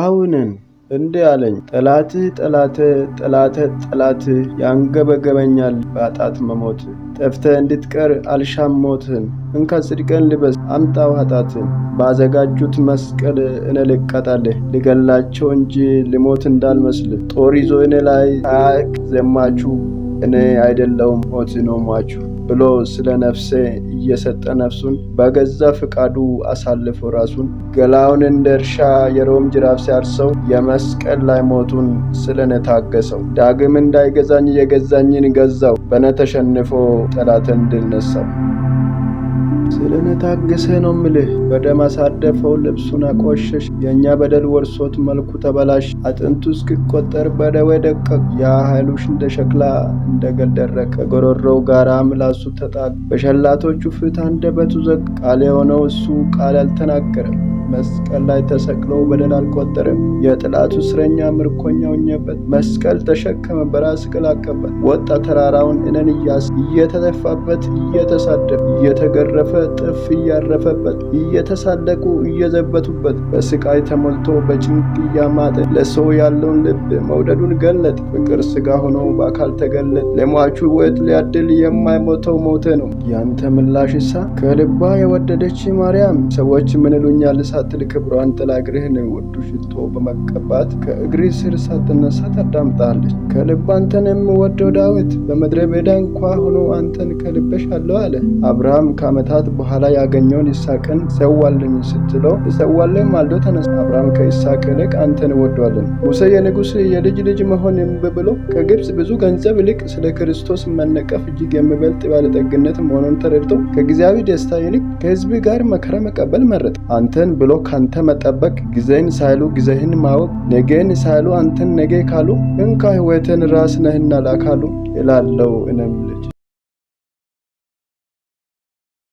አሁንን እንዲህ አለኝ፣ ጠላት ጠላተ ጠላተ ጠላት ያንገበገበኛል በአጣት መሞት። ጠፍተ እንድትቀር አልሻም ሞትን እንካ ጽድቅን ልበስ አምጣው ኃጢአትን። ባዘጋጁት መስቀል እኔ ልገላቸው እንጂ ልሞት እንዳልመስል። ጦር ይዞ እኔ ላይ አያቅ ዘማችሁ፣ እኔ አይደለውም ሞት ነው ሟችሁ። ብሎ ስለ ነፍሴ እየሰጠ ነፍሱን በገዛ ፍቃዱ አሳልፎ ራሱን ገላውን እንደ እርሻ የሮም ጅራፍ ሲያርሰው የመስቀል ላይ ሞቱን ስለነታገሰው ዳግም እንዳይገዛኝ የገዛኝን ገዛው በነ ተሸንፎ ጠላትን ድል ነሳው። ስለነታገሰ ነው ምልህ። በደም አሳደፈው፣ ልብሱን አቆሸሽ። የእኛ በደል ወርሶት መልኩ ተበላሽ። አጥንቱ እስኪቆጠር በደዌ ደቀቅ። ያ እንደ ሸክላ እንደ ገል ደረቀ። ጋራ ምላሱ ተጣቅ። በሸላቶቹ ፍት አንደበቱ ዘቅ። ቃል የሆነው እሱ ቃል አልተናገረም። መስቀል ላይ ተሰቅሎ በደል አልቆጠረም። የጠላቱ እስረኛ ምርኮኛ ሆኜበት መስቀል ተሸከመ፣ በራስ ቅል ወጣ ተራራውን እነን እያስ እየተተፋበት እየተሳደበ እየተገረፈ ጥፍ እያረፈበት እየተሳለቁ እየዘበቱበት በስቃይ ተሞልቶ በጭንቅ እያማጠ ለሰው ያለውን ልብ መውደዱን ገለጥ ፍቅር ስጋ ሆኖ በአካል ተገለጥ ለሟቹ ወጥ ሊያድል የማይሞተው ሞተ ነው። ያንተ ሳ ከልባ የወደደች ማርያም ሰዎች ምንሉኛ ልሳ ሳትል ክብሯን ጥላግርህን ውዱ ሽቶ በመቀባት ከእግር ስር ሳትነሳ ታዳምጣለች። ከልብ አንተን የምወደው ዳዊት በምድረ በዳ እንኳ ሆኖ አንተን ከልበሻለሁ አለ። አብርሃም ከዓመታት በኋላ ያገኘውን ይስሐቅን ሰዋልኝ ስትለው ሰዋልኝ ማልዶ ተነሳ። አብርሃም ከይስሐቅ ይልቅ አንተን እወዷለን። ሙሴ የንጉሥ የልጅ ልጅ መሆን ብሎ ከግብፅ ብዙ ገንዘብ ይልቅ ስለ ክርስቶስ መነቀፍ እጅግ የሚበልጥ ባለጠግነት መሆኑን ተረድቶ ከጊዜያዊ ደስታ ይልቅ ከህዝብ ጋር መከራ መቀበል መረጠ። አንተን ብሎ ካንተ መጠበቅ፣ ጊዜን ሳይሉ ጊዜህን ማወቅ፣ ነገን ሳይሉ አንተን ነገ ካሉ እንካ ህይወትን ራስ ነህና ላካሉ እላለው እነም ልጅ